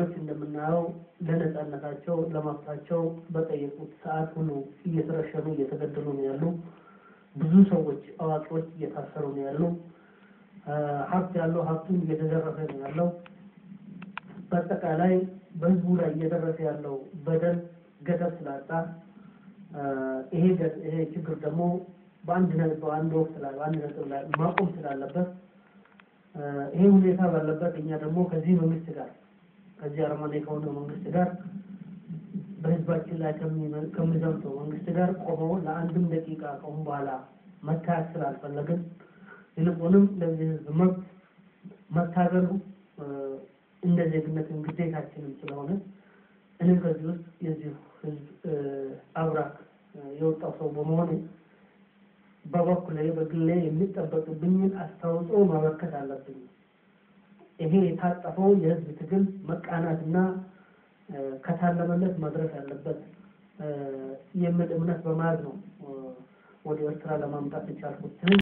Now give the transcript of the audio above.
ሰዎች እንደምናየው ለነጻነታቸው ለማፍታቸው በጠየቁት ሰዓት ሁሉ እየተረሸኑ እየተገደሉ ነው ያሉ። ብዙ ሰዎች አዋቂዎች እየታሰሩ ነው ያሉ። ሀብት ያለው ሀብቱን እየተዘረፈ ነው ያለው። በአጠቃላይ በህዝቡ ላይ እየደረሰ ያለው በደል ገደብ ስላጣ ይሄ ይሄ ችግር ደግሞ በአንድ ነጥብ በአንድ ወቅት ላይ በአንድ ነጥብ ላይ ማቆም ስላለበት ይሄ ሁኔታ ባለበት እኛ ደግሞ ከዚህ መንግስት ጋር ከዚህ አረመኔ ከሆነ መንግስት ጋር በህዝባችን ላይ ከሚዘምተው መንግስት ጋር ቆመው ለአንድም ደቂቃ ከሁን በኋላ መታየት ስላልፈለግን ይልቁንም ለዚህ ህዝብ መብት መታገሉ እንደ ዜግነትን ግዴታችንም ስለሆነ እኔም ከዚህ ውስጥ የዚሁ ህዝብ አብራክ የወጣው ሰው በመሆኑ በበኩሌ በግሌ የሚጠበቅብኝን አስተዋጽኦ ማበርከት አለብኝ። ይሄ የታጠፈው የህዝብ ትግል መቃናትና ከታለመለት መድረስ ያለበት የሚል እምነት በመያዝ ነው ወደ ኤርትራ ለማምጣት የቻልኩት።